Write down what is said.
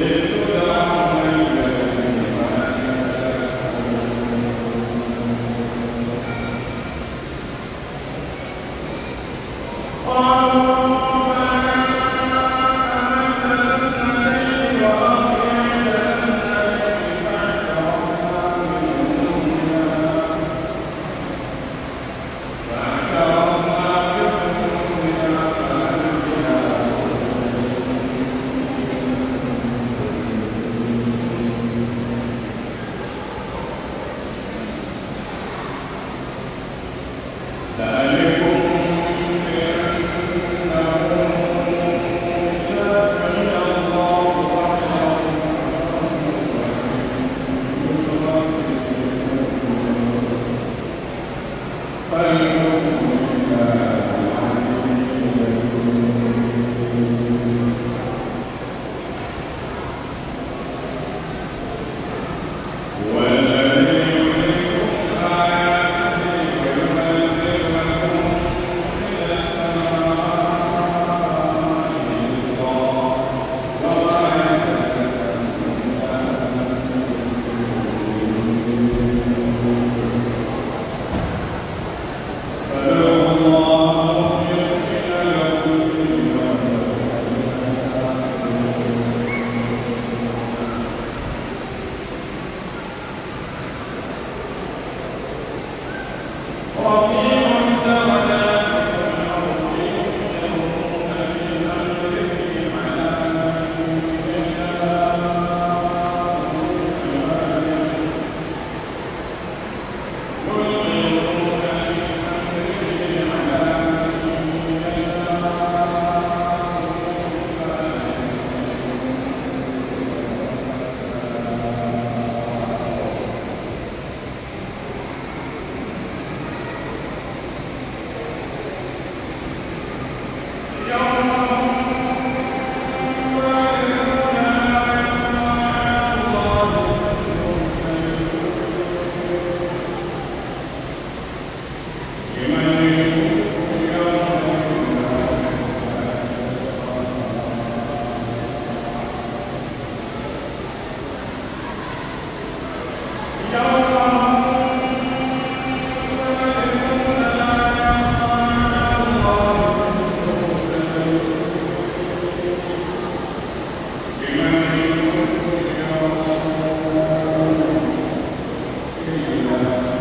Yeah.